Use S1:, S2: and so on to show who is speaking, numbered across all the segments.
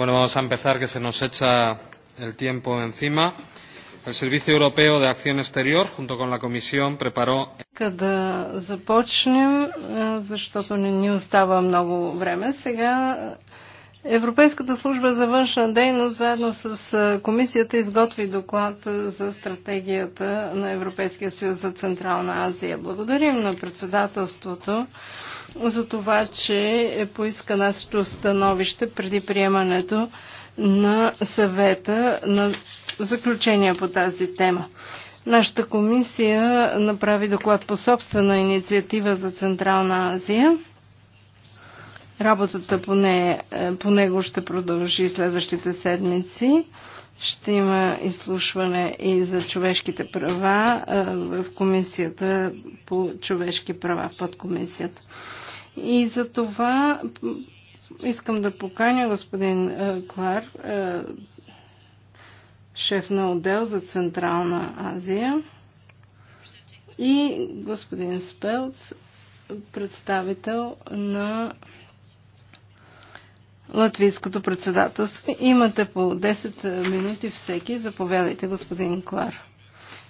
S1: Bueno, vamos a empezar, que se nos echa el tiempo encima. El Servicio Europeo de Acción Exterior, junto con la Comisión, preparó. Да започнем, защото не ни остава много време. Сега Европейската служба за външна дейност заедно с комисията изготви доклад за стратегията на Европейския съюз за Централна Азия. Благодарим на председателството за това, че е поиска нашето становище преди приемането на съвета на заключения по тази тема. Нашата комисия направи доклад по собствена инициатива за Централна Азия – Работата по, не, е, по него ще продължи следващите седмици. Ще има изслушване и за човешките права е, в Комисията по човешки права под комисията. И за това искам да поканя господин е, Клар, шеф на отдел за Централна Азия и господин Спелц, представител на латвийското председателство. Имате по 10 е, минути всеки. Заповядайте, господин Клар.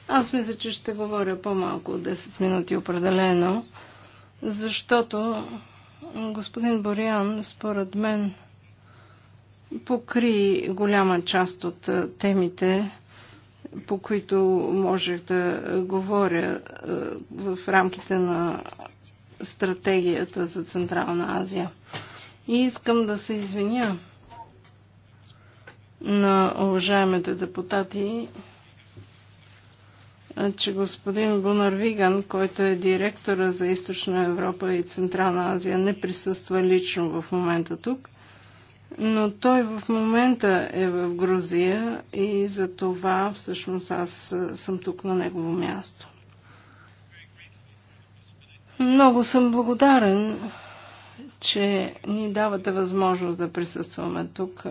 S1: Аз мисля, че ще говоря по-малко от 10 минути определено, защото господин Бориан, според мен, покри голяма част от е, темите, по които можех да говоря е, в рамките на стратегията за Централна Азия. И искам да се извиня на уважаемите депутати, че господин Гунар Виган, който е директора за Източна Европа и Централна Азия, не присъства лично в момента тук, но той в момента е в Грузия и за това всъщност аз съм тук на негово място. Много съм благодарен че ни давате възможност да присъстваме тук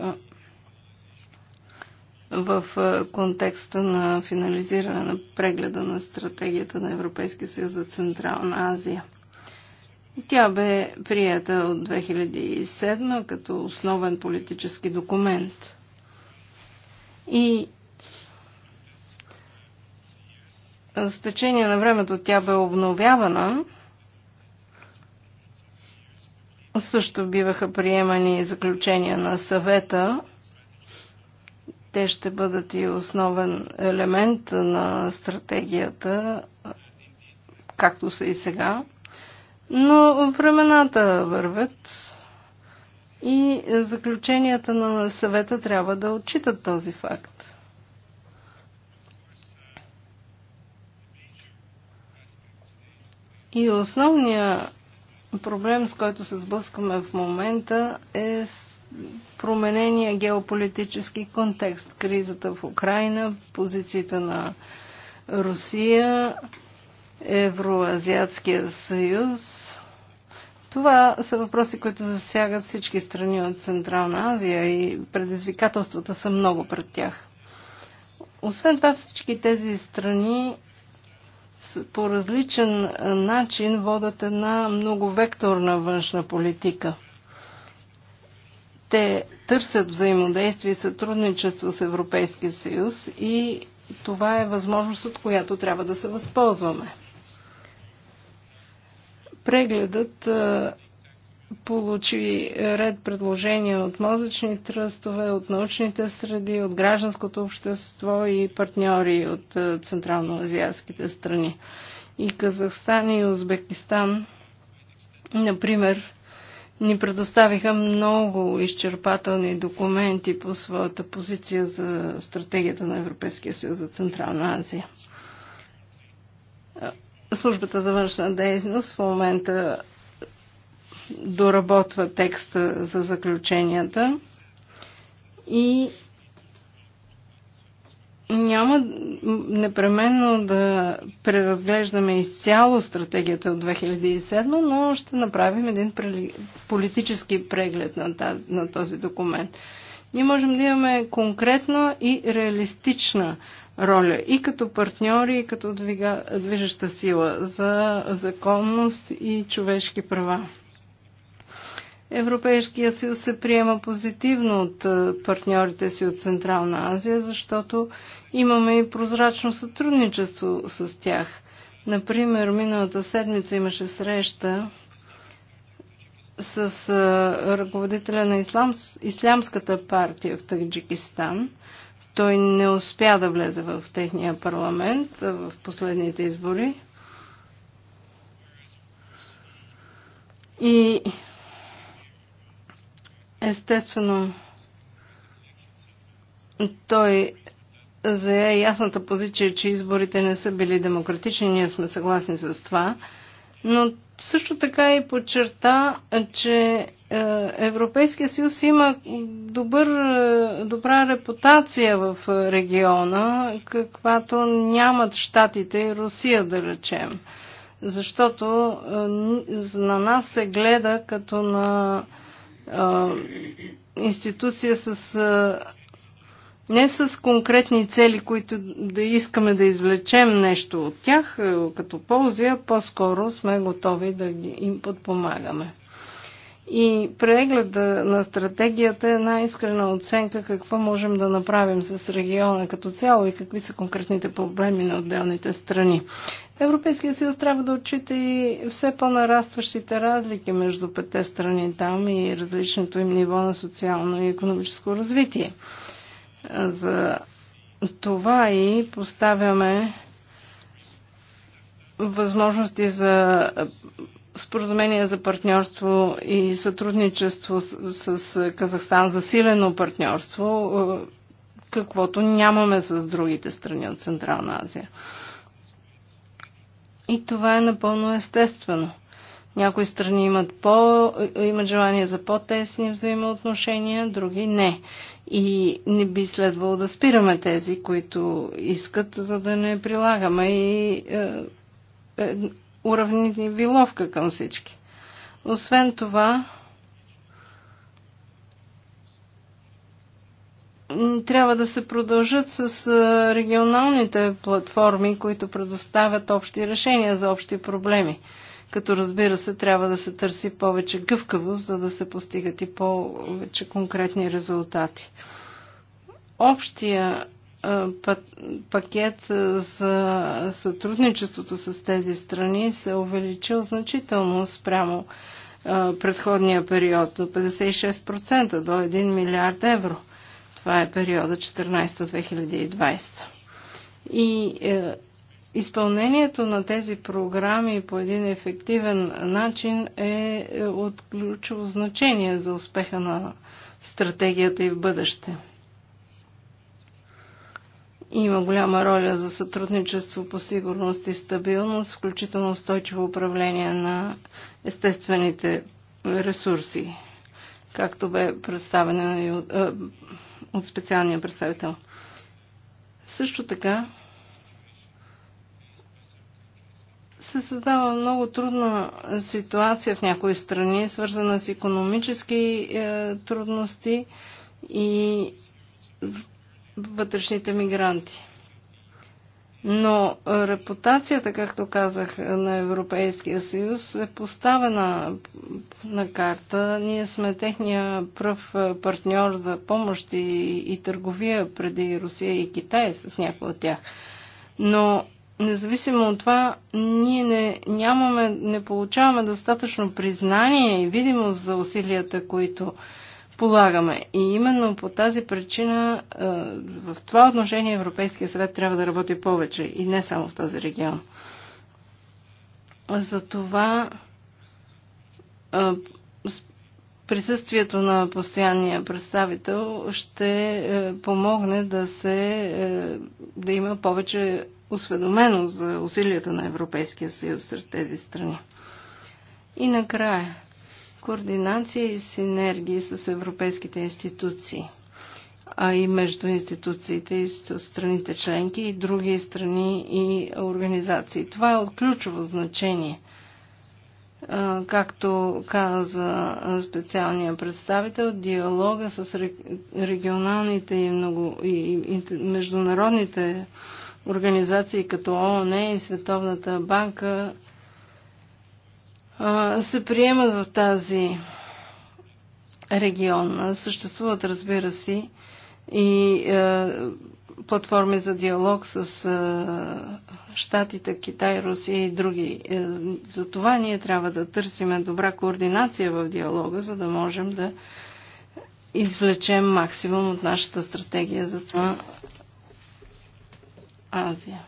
S1: в контекста на финализиране на прегледа на стратегията на Европейския съюз за Централна Азия. Тя бе прията от 2007 като основен политически документ. И с течение на времето тя бе обновявана – също биваха приемани заключения на съвета. Те ще бъдат и основен елемент на стратегията, както са и сега. Но времената вървят и заключенията на съвета трябва да отчитат този факт. И основният проблем, с който се сблъскваме в момента, е променения геополитически контекст. Кризата в Украина, позицията на Русия, Евроазиатския съюз. Това са въпроси, които засягат всички страни от Централна Азия и предизвикателствата са много пред тях. Освен това, всички тези страни по различен е, начин водят една многовекторна външна политика. Те търсят взаимодействие и сътрудничество с Европейския съюз и това е възможност, от която трябва да се възползваме. Прегледът е, получи ред предложения от мозъчни тръстове, от научните среди, от гражданското общество и партньори от е, централноазиатските страни. И Казахстан и Узбекистан, например, ни предоставиха много изчерпателни документи по своята позиция за стратегията на Европейския съюз за Централна Азия. Е, службата за външна дейност в момента доработва текста за заключенията и няма непременно да преразглеждаме изцяло стратегията от 2007, но ще направим един политически преглед на, този документ. Ние можем да имаме конкретна и реалистична роля и като партньори, и като движеща сила за законност и човешки права. Европейския съюз се приема позитивно от партньорите си от Централна Азия, защото имаме и прозрачно сътрудничество с тях. Например, миналата седмица имаше среща с ръководителя на ислам, Ислямската партия в Таджикистан. Той не успя да влезе в техния парламент в последните избори. И Естествено, той зае ясната позиция, че изборите не са били демократични, ние сме съгласни с това, но също така и подчерта, че е, Европейския съюз има добър, е, добра репутация в региона, каквато нямат щатите и Русия, да речем. Защото е, на нас се гледа като на институция с не с конкретни цели, които да искаме да извлечем нещо от тях като ползи, а по-скоро сме готови да им подпомагаме. И прегледа на стратегията е една искрена оценка какво можем да направим с региона като цяло и какви са конкретните проблеми на отделните страни. Европейския съюз трябва да отчита и все по-нарастващите разлики между пете страни там и различното им ниво на социално и економическо развитие. За това и поставяме възможности за споразумение за партньорство и сътрудничество с, с Казахстан, засилено партньорство, е, каквото нямаме с другите страни от Централна Азия. И това е напълно естествено. Някои страни имат, по, е, имат желание за по-тесни взаимоотношения, други не. И не би следвало да спираме тези, които искат, за да не прилагаме и е, е, уравниловка към всички. Освен това, трябва да се продължат с регионалните платформи, които предоставят общи решения за общи проблеми. Като разбира се, трябва да се търси повече гъвкавост, за да се постигат и повече конкретни резултати. Общия пакет за сътрудничеството с тези страни се е увеличил значително спрямо предходния период до 56% до 1 милиард евро. Това е периода 14-2020. И е, изпълнението на тези програми по един ефективен начин е, е от ключово значение за успеха на стратегията и в бъдеще има голяма роля за сътрудничество по сигурност и стабилност, включително устойчиво управление на естествените ресурси, както бе представено и от, е, от специалния представител. Също така се създава много трудна ситуация в някои страни, свързана с економически е, трудности и вътрешните мигранти. Но репутацията, както казах, на Европейския съюз е поставена на карта. Ние сме техния пръв партньор за помощ и, и търговия преди Русия и Китай с някои от тях. Но независимо от това, ние не, нямаме, не получаваме достатъчно признание и видимост за усилията, които полагаме. И именно по тази причина е, в това отношение Европейския съвет трябва да работи повече и не само в този регион. Затова е, присъствието на постоянния представител ще е, помогне да, се, да има повече осведомено за усилията на Европейския съюз сред тези страни. И накрая, координация и синергии с европейските институции, а и между институциите и страните членки и други страни и организации. Това е от ключово значение. Както каза специалния представител, диалога с регионалните и, много, и международните организации като ООН и Световната банка се приемат в тази регион. Съществуват, разбира се, и е, платформи за диалог с е, Штатите, Китай, Русия и други. Е, за това ние трябва да търсиме добра координация в диалога, за да можем да извлечем максимум от нашата стратегия за това Азия.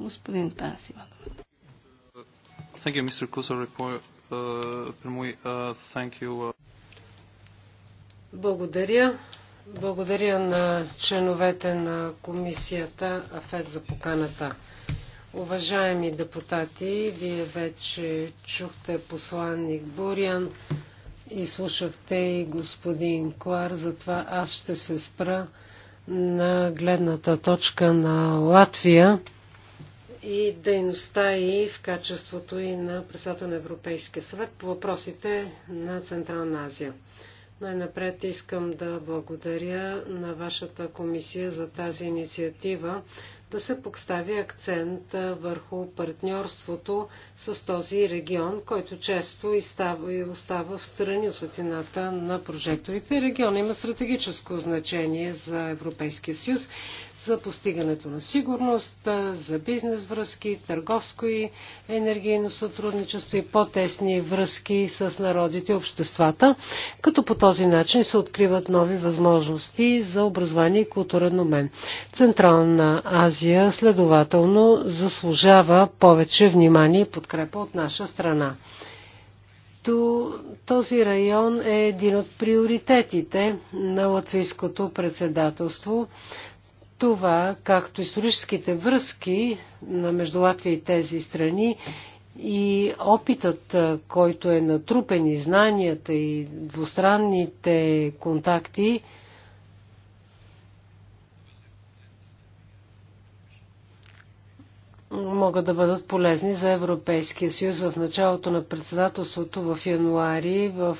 S1: Господин Пенсиван.
S2: Thank you, Mr. Kusar, Uh, uh, uh,
S3: Благодаря. Благодаря на членовете на комисията АФЕД за поканата. Уважаеми депутати, вие вече чухте посланник Бурян и слушахте и господин Клар, затова аз ще се спра на гледната точка на Латвия и дейността и в качеството и на председател на Европейския съвет по въпросите на Централна Азия. Най-напред искам да благодаря на вашата комисия за тази инициатива да се постави акцент върху партньорството с този регион, който често и, става, и остава в страни от светлината на прожекторите. Регион има стратегическо значение за Европейския съюз за постигането на сигурност, за бизнес връзки, търговско и енергийно сътрудничество и по-тесни връзки с народите и обществата, като по този начин се откриват нови възможности за образование и културен умен. Централна Азия следователно заслужава повече внимание и подкрепа от наша страна. Този район е един от приоритетите на латвийското председателство това, както историческите връзки на между Латвия и тези страни и опитът, който е натрупен и знанията и двустранните контакти, могат да бъдат полезни за Европейския съюз. В началото на председателството в януари в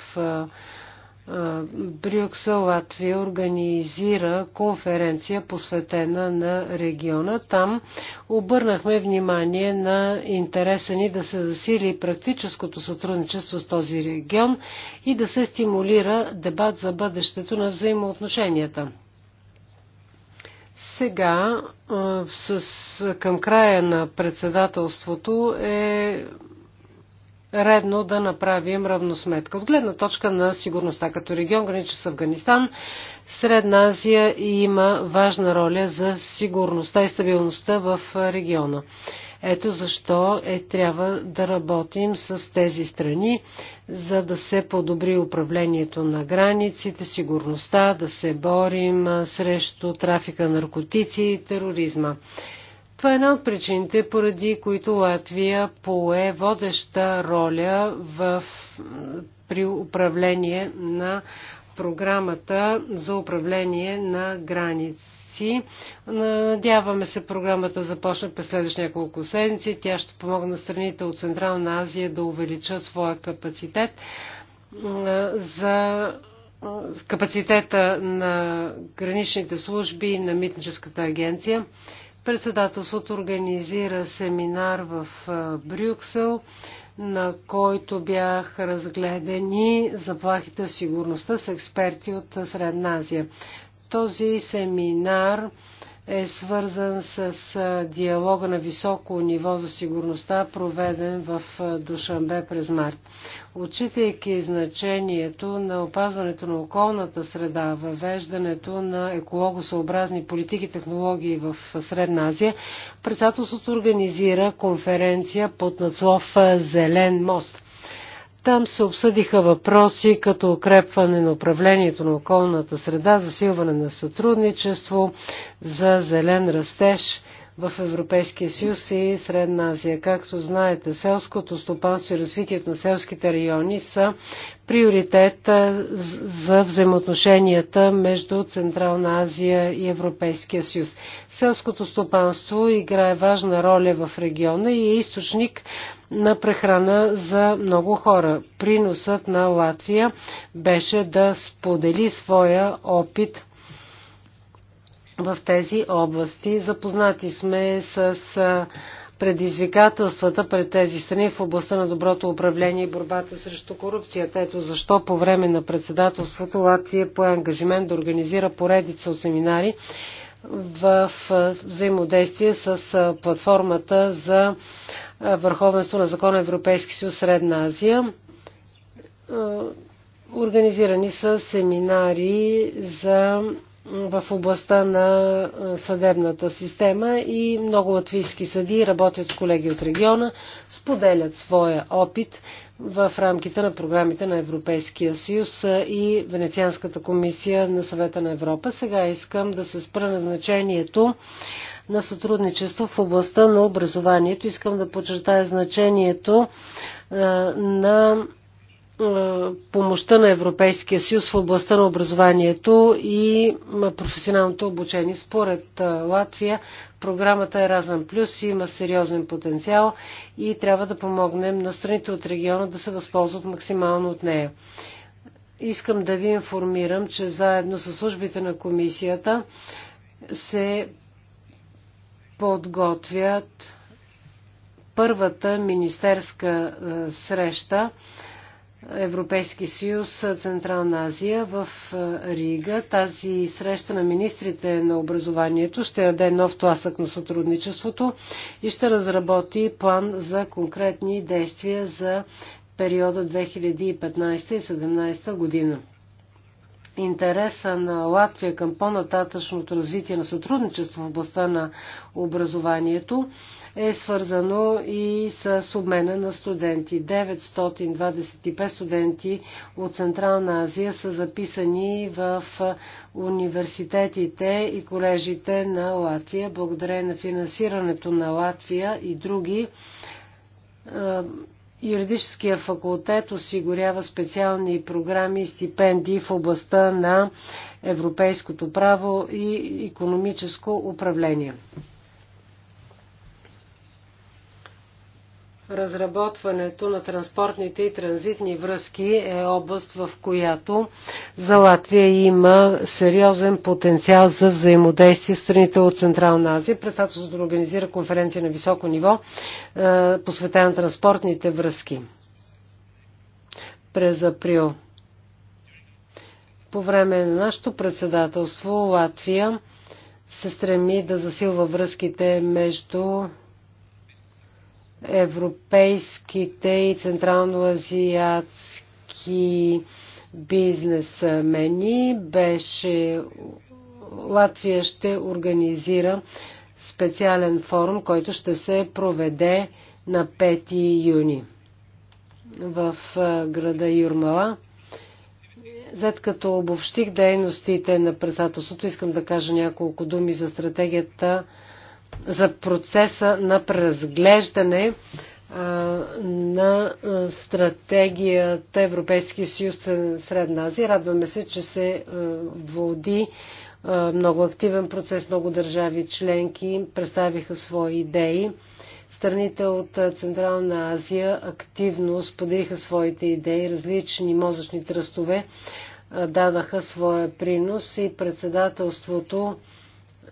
S3: е, Брюксел, Латвия организира конференция посветена на региона. Там обърнахме внимание на интереса ни да се засили практическото сътрудничество с този регион и да се стимулира дебат за бъдещето на взаимоотношенията. Сега, е, с, към края на председателството е редно да направим равносметка. От гледна точка на сигурността като регион, граничи с Афганистан, Средна Азия има важна роля за сигурността и стабилността в региона. Ето защо е, трябва да работим с тези страни, за да се подобри управлението на границите, сигурността, да се борим срещу трафика наркотици и тероризма. Това е една от причините, поради които Латвия пое водеща роля в, при управление на програмата за управление на граници. Надяваме се програмата започне през следващи няколко седмици. Тя ще помогне на страните от Централна Азия да увеличат своя капацитет за капацитета на граничните служби и на митническата агенция. Председателството организира семинар в Брюксел, на който бях разгледани заплахите сигурността с експерти от Средна Азия. Този семинар е свързан с диалога на високо ниво за сигурността, проведен в Душанбе през март. Отчитайки значението на опазването на околната среда, въвеждането на екологосъобразни политики и технологии в Средна Азия, председателството организира конференция под надслов Зелен мост. Там се обсъдиха въпроси като укрепване на управлението на околната среда, засилване на сътрудничество за зелен растеж в Европейския съюз и Средна Азия. Както знаете, селското стопанство и развитието на селските райони са приоритет за взаимоотношенията между Централна Азия и Европейския съюз. Селското стопанство играе важна роля в региона и е източник на прехрана за много хора. Приносът на Латвия беше да сподели своя опит в тези области. Запознати сме с предизвикателствата пред тези страни в областта на доброто управление и борбата срещу корупцията. Ето защо по време на председателството Латвия по ангажимент да организира поредица от семинари в взаимодействие с платформата за върховенство на закона Европейски съюз Средна Азия. Организирани са семинари за, в областта на съдебната система и много латвийски съди работят с колеги от региона, споделят своя опит в рамките на програмите на Европейския съюз и Венецианската комисия на съвета на Европа. Сега искам да се спра на значението на сътрудничество в областта на образованието. Искам да подчертая значението на помощта на Европейския съюз в областта на образованието и професионалното обучение. Според Латвия програмата е разен Плюс има сериозен потенциал и трябва да помогнем на страните от региона да се възползват максимално от нея. Искам да ви информирам, че заедно с службите на комисията се подготвят първата министерска е, среща Европейски съюз Централна Азия в е, Рига. Тази среща на министрите на образованието ще даде нов тласък на сътрудничеството и ще разработи план за конкретни действия за периода 2015-2017 година интереса на Латвия към по-нататъчното развитие на сътрудничество в областта на образованието е свързано и с обмена на студенти. 925 студенти от Централна Азия са записани в университетите и колежите на Латвия. Благодарение на финансирането на Латвия и други юридическия факултет осигурява специални програми и стипендии в областта на европейското право и економическо управление. Разработването на транспортните и транзитни връзки е област, в която за Латвия има сериозен потенциал за взаимодействие с страните от Централна Азия. Председателството организира конференция на високо ниво, е, посветена на транспортните връзки през април. По време на нашето председателство Латвия се стреми да засилва връзките между европейските и централноазиатски бизнесмени беше Латвия ще организира специален форум, който ще се проведе на 5 юни в града Юрмала. След като обобщих дейностите на председателството, искам да кажа няколко думи за стратегията за процеса на преразглеждане на стратегията Европейския съюз Средна Азия. Радваме се, че се води много активен процес. Много държави членки представиха свои идеи. Страните от Централна Азия активно споделиха своите идеи. Различни мозъчни тръстове дадаха своя принос и председателството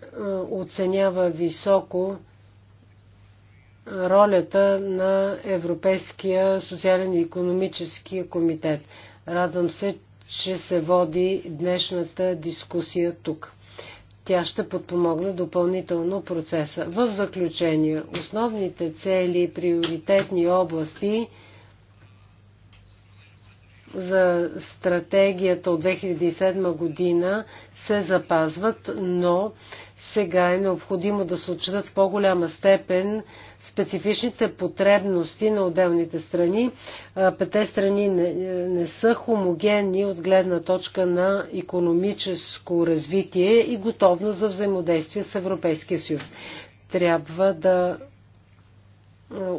S3: е, оценява високо ролята на Европейския социален и економически комитет. Радвам се, че се води днешната дискусия тук. Тя ще подпомогне допълнително процеса. В заключение, основните цели и приоритетни области – за стратегията от 2007 година се запазват, но сега е необходимо да се отчитат в по-голяма степен специфичните потребности на отделните страни. Пете страни не, не са хомогенни от гледна точка на економическо развитие и готовност за взаимодействие с Европейския съюз. Трябва да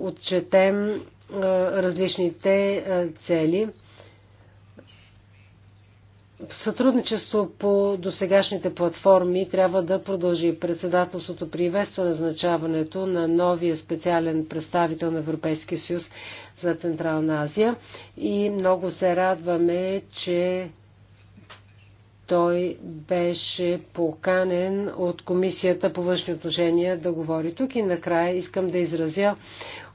S3: отчетем различните цели. Сътрудничество по досегашните платформи трябва да продължи. Председателството приветства назначаването на новия специален представител на Европейския съюз за Централна Азия и много се радваме, че той беше поканен от Комисията по външни отношения да говори тук и накрая искам да изразя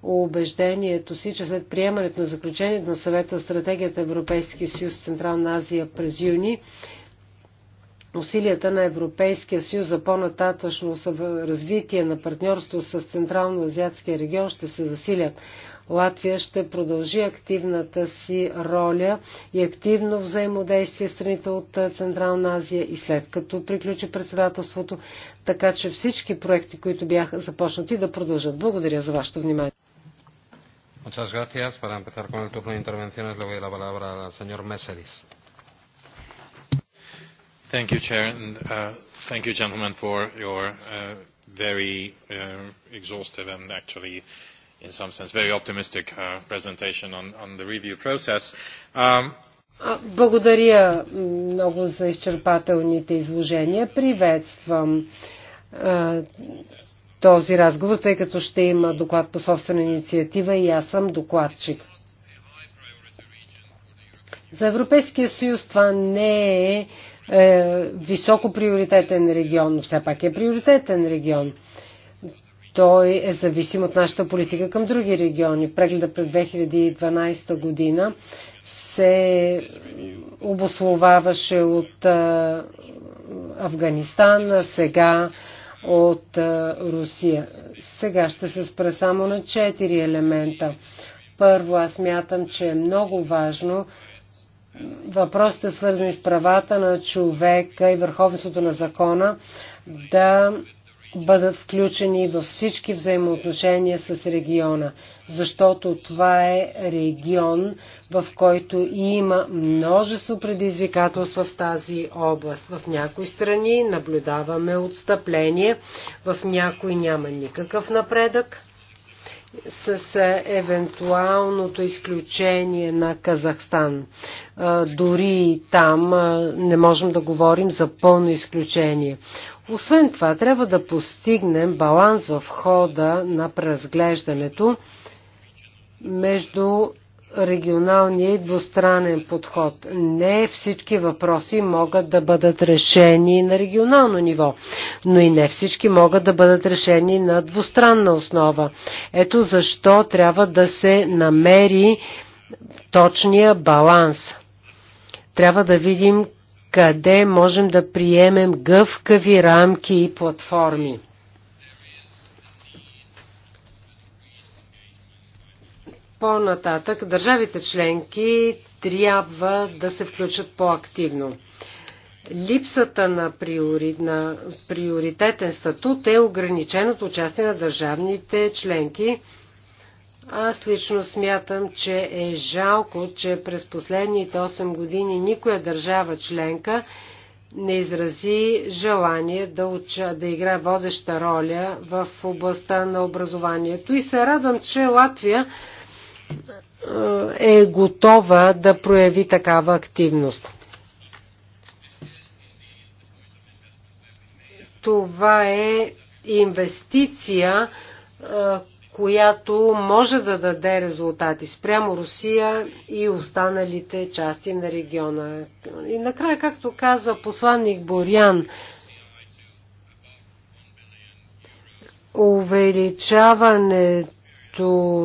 S3: убеждението си, че след приемането на заключението на съвета стратегията Европейски съюз Централна Азия през юни, усилията на Европейския съюз за по-нататъчно развитие на партньорство с Централно-Азиатския регион ще се засилят. Латвия ще продължи активната си роля и активно взаимодействие с страните от Централна Азия и след като приключи председателството, така че всички проекти, които бяха започнати да продължат. Благодаря за вашето внимание.
S1: Muchas gracias. Para empezar con
S3: el
S2: turno de intervenciones, le doy la palabra al señor Meseris. Thank you, Chair, and uh, thank you, gentlemen, for your uh, very uh, exhaustive and actually, in some sense, very optimistic uh, presentation on, on the review process. Um,
S3: Благодаря много за изчерпателните изложения. Приветствам този разговор, тъй като ще има доклад по собствена инициатива и аз съм докладчик. За Европейския съюз това не е, е високо приоритетен регион, но все пак е приоритетен регион. Той е зависим от нашата политика към други региони. Прегледа през 2012 година се обословаваше от е, Афганистан, а сега от Русия. Сега ще се спра само на четири елемента. Първо, аз мятам, че е много важно въпросите свързани с правата на човека и върховенството на закона да бъдат включени във всички взаимоотношения с региона, защото това е регион, в който има множество предизвикателства в тази област. В някои страни наблюдаваме отстъпление, в някои няма никакъв напредък с евентуалното изключение на Казахстан. Дори там не можем да говорим за пълно изключение. Освен това, трябва да постигнем баланс в хода на преразглеждането между регионалния и двустранен подход. Не всички въпроси могат да бъдат решени на регионално ниво, но и не всички могат да бъдат решени на двустранна основа. Ето защо трябва да се намери точния баланс. Трябва да видим къде можем да приемем гъвкави рамки и платформи. По-нататък държавите членки трябва да се включат по-активно. Липсата на, приори, на приоритетен статут е ограниченото участие на държавните членки аз лично смятам, че е жалко, че през последните 8 години никоя държава членка не изрази желание да, уча, да играе водеща роля в областта на образованието. И се радвам, че Латвия е, е готова да прояви такава активност. Това е инвестиция, е, която може да даде резултати спрямо Русия и останалите части на региона. И накрая, както каза посланник Борян, увеличаването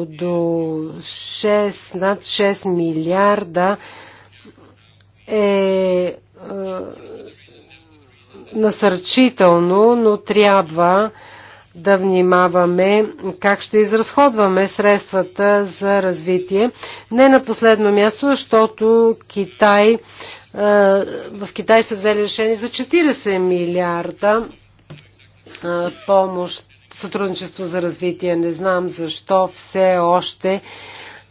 S3: до 6, над 6 милиарда е, е насърчително, но трябва да внимаваме как ще изразходваме средствата за развитие. Не на последно място, защото Китай, е, в Китай са взели решение за 40 милиарда е, помощ, сътрудничество за развитие. Не знам защо все още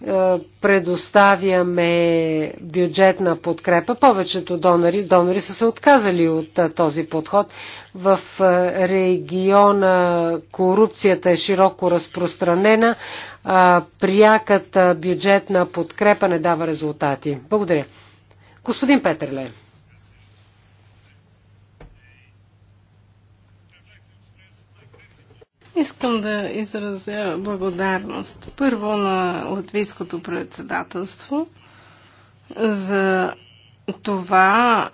S3: е, предоставяме бюджетна подкрепа. Повечето донори, донори са се отказали от е, този подход. В е, региона корупцията е широко разпространена. Пряката бюджетна подкрепа не дава резултати. Благодаря. Господин Петерле.
S1: Искам да изразя благодарност първо на латвийското председателство за това,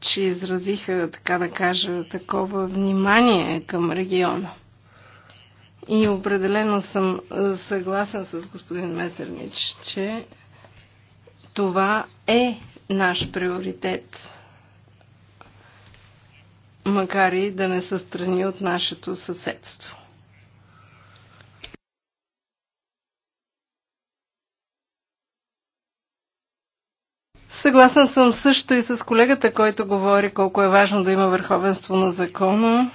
S1: че изразиха, така да кажа, такова внимание към региона. И определено съм е, съгласен с господин Месернич, че това е наш приоритет макар и да не са страни от нашето съседство. Съгласен съм също и с колегата, който говори колко е важно да има върховенство на закона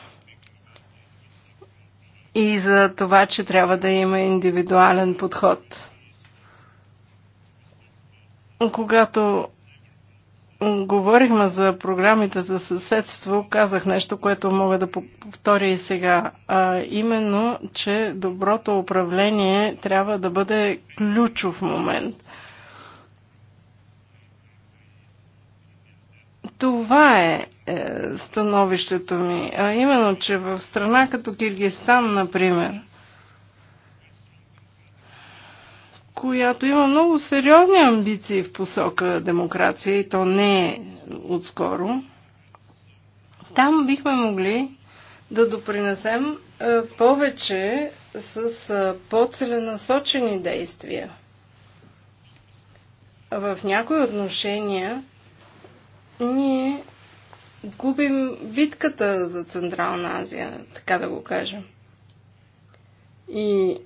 S1: и за това, че трябва да има индивидуален подход. Когато говорихме за програмите за съседство, казах нещо, което мога да повторя и сега. А, именно, че доброто управление трябва да бъде ключов момент. Това е, е становището ми. А именно, че в страна като Киргистан, например, която има много сериозни амбиции в посока демокрация и то не е отскоро, там бихме могли да допринесем е, повече с е, по-целенасочени действия. В някои отношения ние губим битката за Централна Азия, така да го кажем. И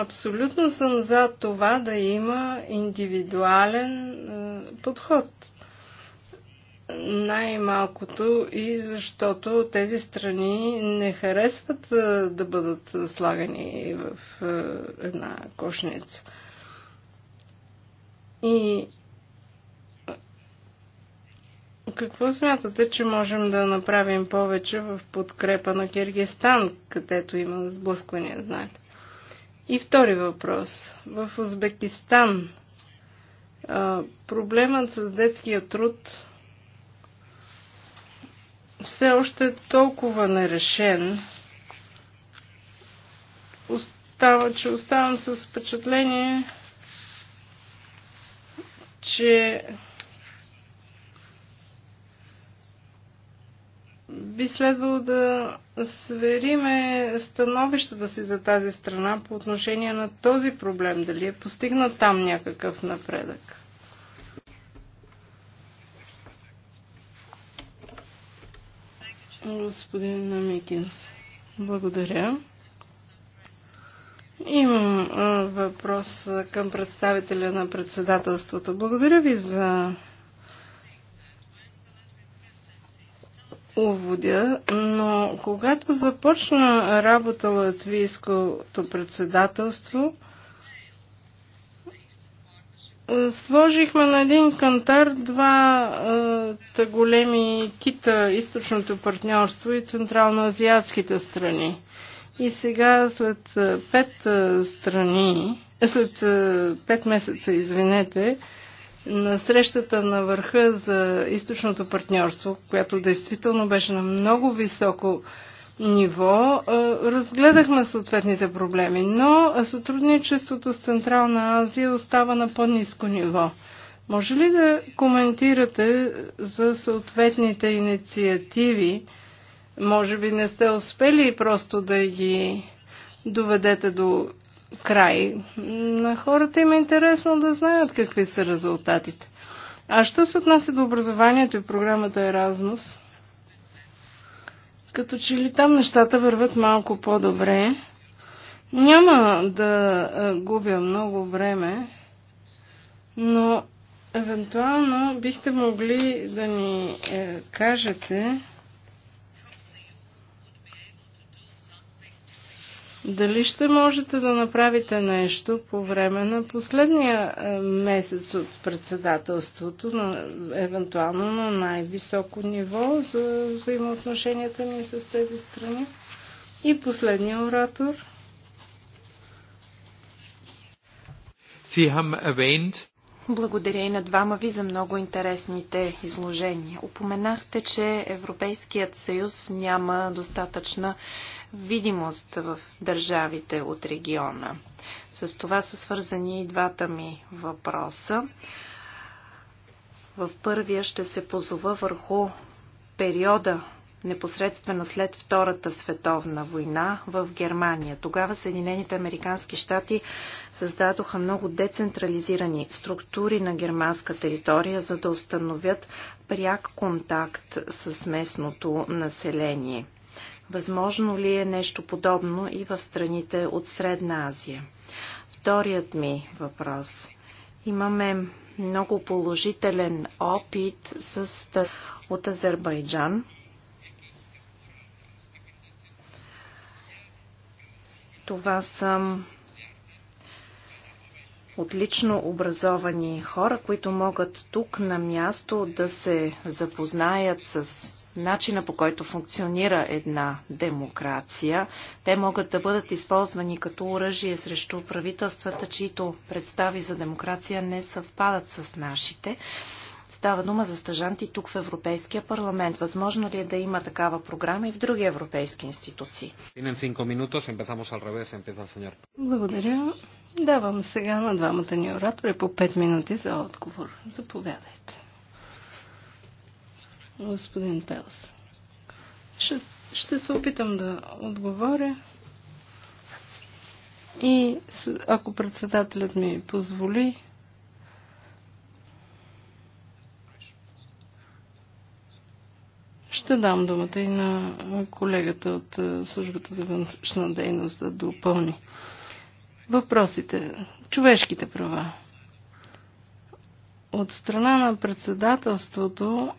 S1: Абсолютно съм за това да има индивидуален подход. Най-малкото и защото тези страни не харесват да бъдат слагани в една кошница. И какво смятате, че можем да направим повече в подкрепа на Киргистан, където има сблъсквания, знаете? И втори въпрос. В Узбекистан проблемът с детския труд все още е толкова нерешен. Остава, че оставам с впечатление, че би следвало да свериме становищата си за тази страна по отношение на този проблем, дали е постигнат там някакъв напредък. Господин Намикинс, благодаря. Имам въпрос към представителя на председателството. Благодаря ви за уводя, но когато започна работа латвийското председателство, е, сложихме на един кантар два е, големи кита, източното партньорство и централноазиатските страни. И сега след е, пет страни, след пет месеца, извинете, на срещата на върха за източното партньорство, която действително беше на много високо ниво, разгледахме съответните проблеми, но сътрудничеството с Централна Азия остава на по-низко ниво. Може ли да коментирате за съответните инициативи? Може би не сте успели просто да ги доведете до край. На хората им е интересно да знаят какви са резултатите. А що се отнася до образованието и програмата Еразмус? Като че ли там нещата върват малко по-добре. Няма да губя много време, но евентуално бихте могли да ни е, кажете Дали ще можете да направите нещо по време на последния е, месец от председателството, на, евентуално на най-високо ниво за взаимоотношенията ни с тези страни? И последния оратор.
S2: Благодаря и на двама ви за много интересните изложения. Опоменахте, че Европейският съюз няма достатъчна видимост в държавите от региона. С това са свързани и двата ми въпроса. В първия ще се позова върху периода непосредствено след Втората световна война в Германия. Тогава Съединените Американски щати създадоха много децентрализирани структури на германска територия, за да установят пряк контакт с местното население. Възможно ли е нещо подобно и в страните от Средна Азия? Вторият ми въпрос. Имаме много положителен опит с, от Азербайджан. Това са отлично образовани хора, които могат тук на място да се запознаят с начина по който функционира една демокрация. Те могат да бъдат използвани като оръжие срещу правителствата, чието представи за демокрация не съвпадат с нашите. Става дума за стъжанти тук в Европейския парламент. Възможно ли е да има такава програма и в други европейски институции?
S1: Благодаря. Давам сега на двамата ни оратори по 5 минути за отговор. Заповядайте господин Пелс. Ще, ще се опитам да отговоря. И ако председателят ми позволи, ще дам думата и на колегата от е, службата за външна дейност да допълни. Въпросите. Човешките права. От страна на председателството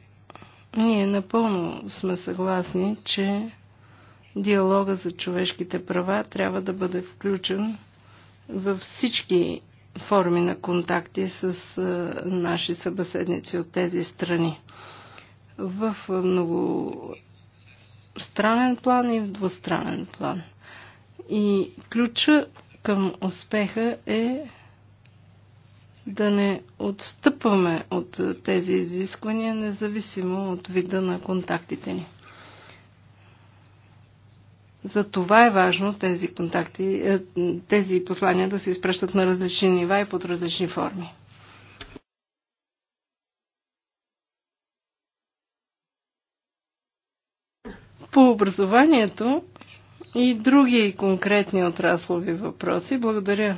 S1: ние напълно сме съгласни, че диалога за човешките права трябва да бъде включен във всички форми на контакти с наши събеседници от тези страни. В много странен план и в двустранен план. И ключа към успеха е да не отстъпваме от тези изисквания, независимо от вида на контактите ни. За това е важно тези контакти, е, тези послания да се изпращат на различни нива и под различни форми. По образованието и други конкретни отраслови въпроси, благодаря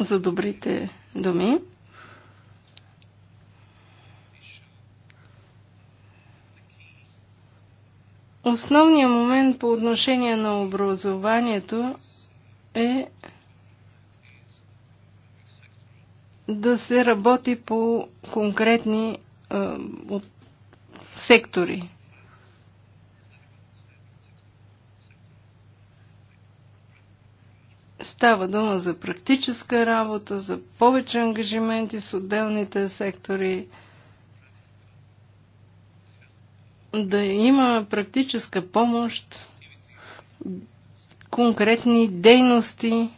S1: за добрите думи. Основният момент по отношение на образованието е да се работи по конкретни е, от сектори. Става дума за практическа работа, за повече ангажименти с отделните сектори, да има практическа помощ, конкретни дейности.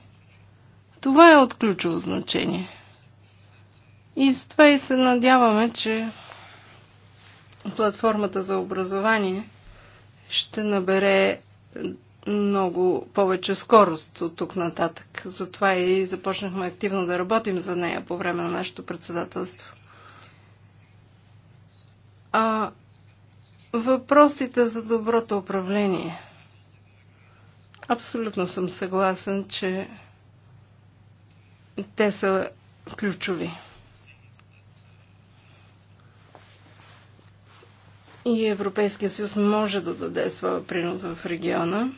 S1: Това е от ключово значение. И с това и се надяваме, че платформата за образование ще набере много повече скорост от тук нататък. Затова и започнахме активно да работим за нея по време на нашето председателство. А въпросите за доброто управление. Абсолютно съм съгласен, че те са ключови. И Европейския съюз може да даде своя принос в региона.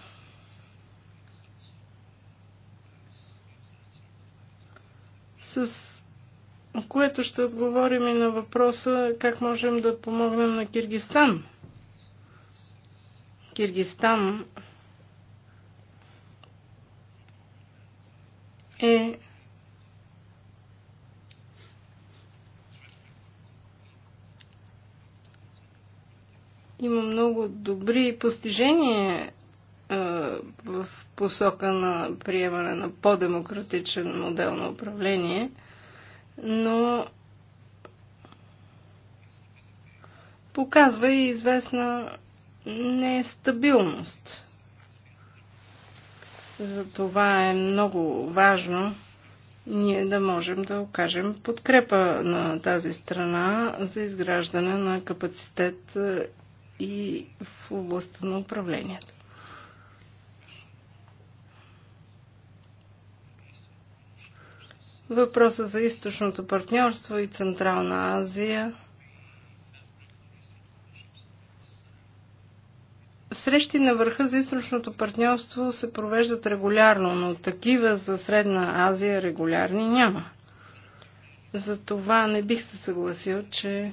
S1: с което ще отговорим и на въпроса как можем да помогнем на Киргистан. Киргистан е има много добри постижения в посока на приемане на по-демократичен модел на управление, но показва и известна нестабилност. Затова е много важно ние да можем да окажем подкрепа на тази страна за изграждане на капацитет и в областта на управлението. Въпроса за източното партньорство и Централна Азия. Срещи на върха за източното партньорство се провеждат регулярно, но такива за Средна Азия регулярни няма. Затова не бих се съгласил, че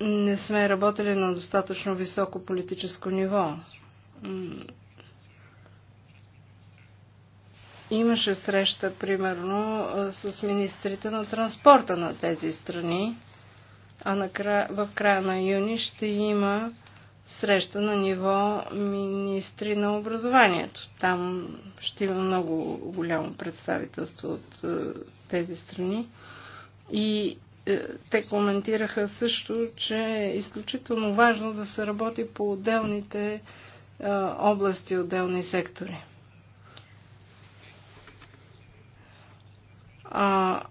S1: не сме работили на достатъчно високо политическо ниво. Имаше среща, примерно, с министрите на транспорта на тези страни, а в края на юни ще има среща на ниво министри на образованието. Там ще има много голямо представителство от тези страни. И е, те коментираха също, че е изключително важно да се работи по отделните области, отделни сектори. А,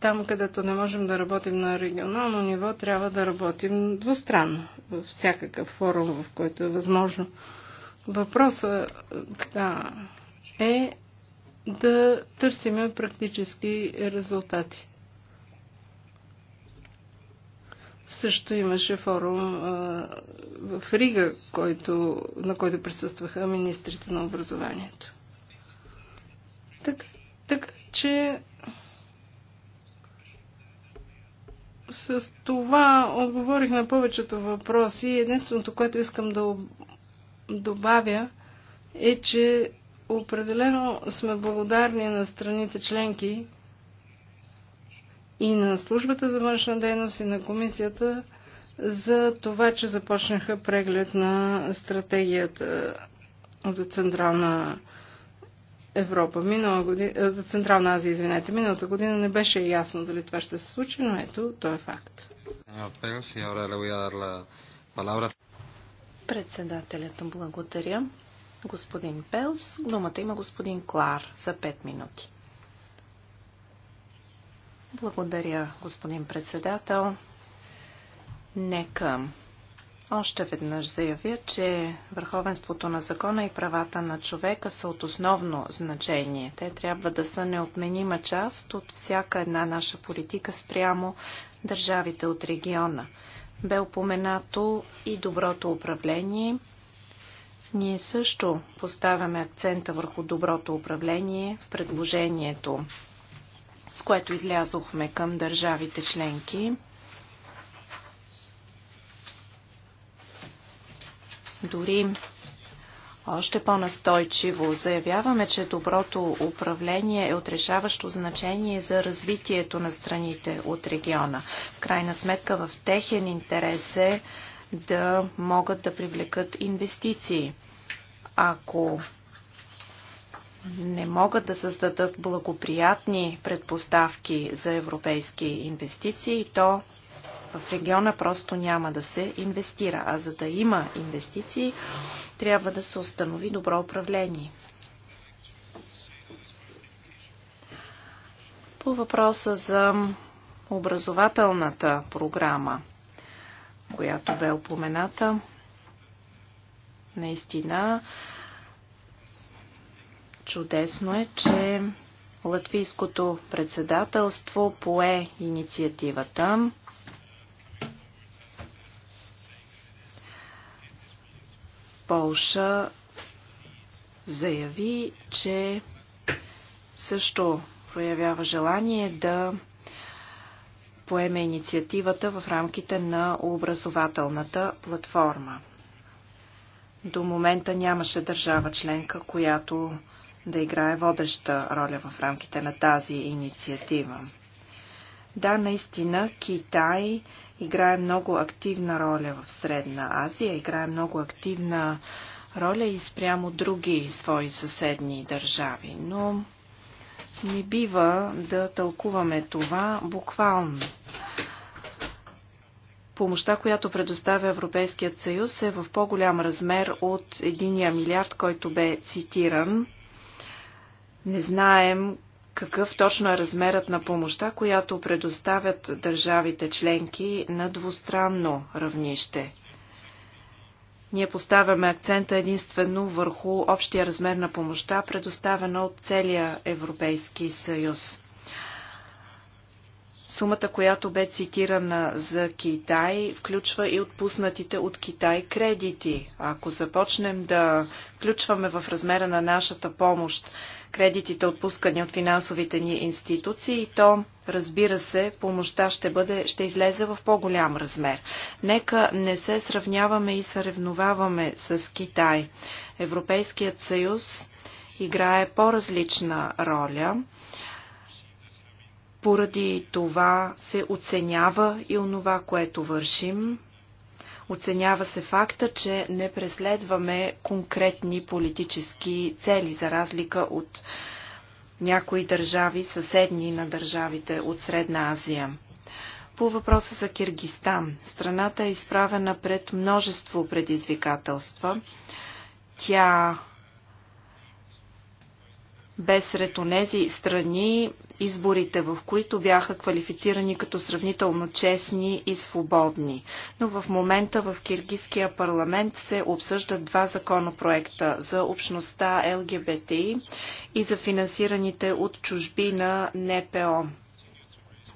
S1: там, където не можем да работим на регионално ниво, трябва да работим двустранно, във всякакъв форум, в който е възможно. Въпросът да, е да търсиме практически резултати. Също имаше форум а, в Рига, който, на който присъстваха министрите на образованието. Така така че с това отговорих на повечето въпроси. Единственото, което искам да добавя е, че определено сме благодарни на страните членки и на службата за външна дейност и на комисията за това, че започнаха преглед на стратегията за Централна Европа. Минала година, е, за Централна Азия, извинете, миналата година не беше ясно дали това ще се случи, но ето, то е факт.
S2: Председателят благодаря. Господин Пелс, думата има господин Клар за 5 минути. Благодаря, господин председател. Нека още веднъж заявя, че върховенството на закона и правата на човека са от основно значение. Те трябва да са неотменима част от всяка една наша политика спрямо държавите от региона. Бе упоменато и доброто управление. Ние също поставяме акцента върху доброто управление в предложението, с което излязохме към държавите членки. Дори още по-настойчиво заявяваме, че доброто управление е отрешаващо значение за развитието на страните от региона. В крайна сметка в техен интерес е да могат да привлекат инвестиции. Ако не могат да създадат благоприятни предпоставки за европейски инвестиции, то в региона просто няма да се инвестира. А за да има инвестиции, трябва да се установи добро управление. По въпроса за образователната програма, която бе упомената, наистина чудесно е, че Латвийското председателство пое инициативата. Полша заяви, че също проявява желание да поеме инициативата в рамките на образователната платформа. До момента нямаше държава членка, която да играе водеща роля в рамките на тази инициатива. Да, наистина Китай играе много активна роля в Средна Азия, играе много активна роля и спрямо други свои съседни държави, но не бива да тълкуваме това буквално. Помощта, която предоставя Европейският съюз е в по-голям размер от единия милиард, който бе цитиран. Не знаем какъв точно е размерът на помощта, която предоставят държавите членки на двустранно равнище. Ние поставяме акцента единствено върху общия размер на помощта, предоставена от целия Европейски съюз. Сумата, която бе цитирана за Китай, включва и отпуснатите от Китай кредити. Ако започнем да включваме в размера на нашата помощ кредитите отпускани от финансовите ни институции, то разбира се, помощта ще, бъде, ще излезе в по-голям размер. Нека не се сравняваме и съревноваваме с Китай. Европейският съюз играе по-различна роля. Поради това се оценява и онова, което вършим. Оценява се факта, че не преследваме конкретни политически цели, за разлика от някои държави, съседни на държавите от Средна Азия. По въпроса за Киргистан, страната е изправена пред множество предизвикателства. Тя бе сред онези страни, изборите в които бяха квалифицирани като сравнително честни и свободни. Но в момента в Киргизския парламент се обсъждат два законопроекта за общността ЛГБТИ и за финансираните от чужби на НПО.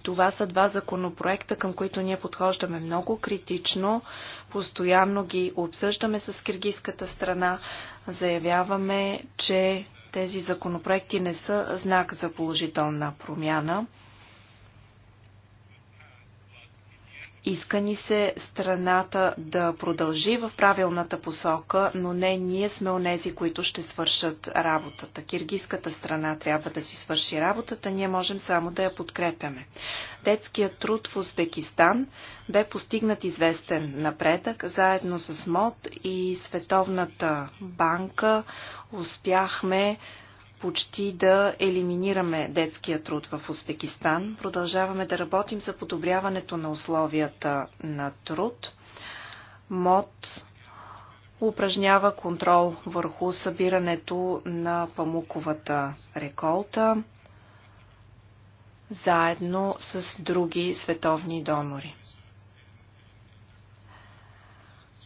S2: Това са два законопроекта, към които ние подхождаме много критично, постоянно ги обсъждаме с киргизската страна, заявяваме, че тези законопроекти не са знак за положителна промяна. Иска ни се страната да продължи в правилната посока, но не ние сме онези, които ще свършат работата. Киргизската страна трябва да си свърши работата, ние можем само да я подкрепяме. Детският труд в Узбекистан бе постигнат известен напредък. Заедно с МОД и Световната банка успяхме почти да елиминираме детския труд в Узбекистан. Продължаваме да работим за подобряването на условията на труд. МОД упражнява контрол върху събирането на памуковата реколта заедно с други световни донори.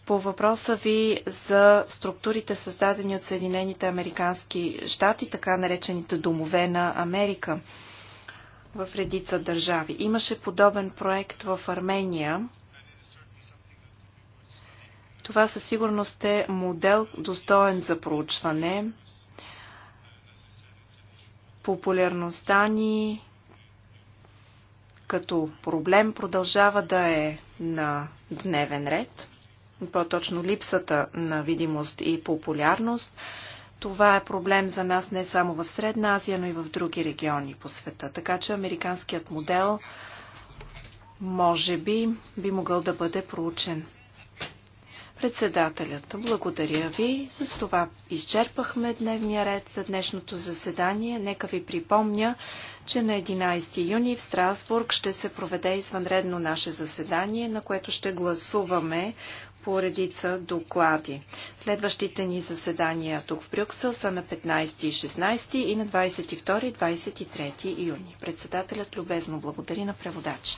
S2: По въпроса ви за структурите създадени от Съединените Американски щати, така наречените домове на Америка в редица държави. Имаше подобен проект в Армения. Това със сигурност е модел достоен за проучване. Популярността ни като проблем продължава да е на дневен ред по-точно липсата на видимост и популярност. Това е проблем за нас не само в Средна Азия, но и в други региони по света. Така че американският модел може би би могъл да бъде проучен. Председателят, благодаря ви. С това изчерпахме дневния ред за днешното заседание. Нека ви припомня, че на 11 юни в Страсбург ще се проведе извънредно наше заседание, на което ще гласуваме по редица доклади. Следващите ни заседания тук в Брюксел са на 15 и 16 и на 22 и 23 юни. Председателят любезно благодари на преводачите.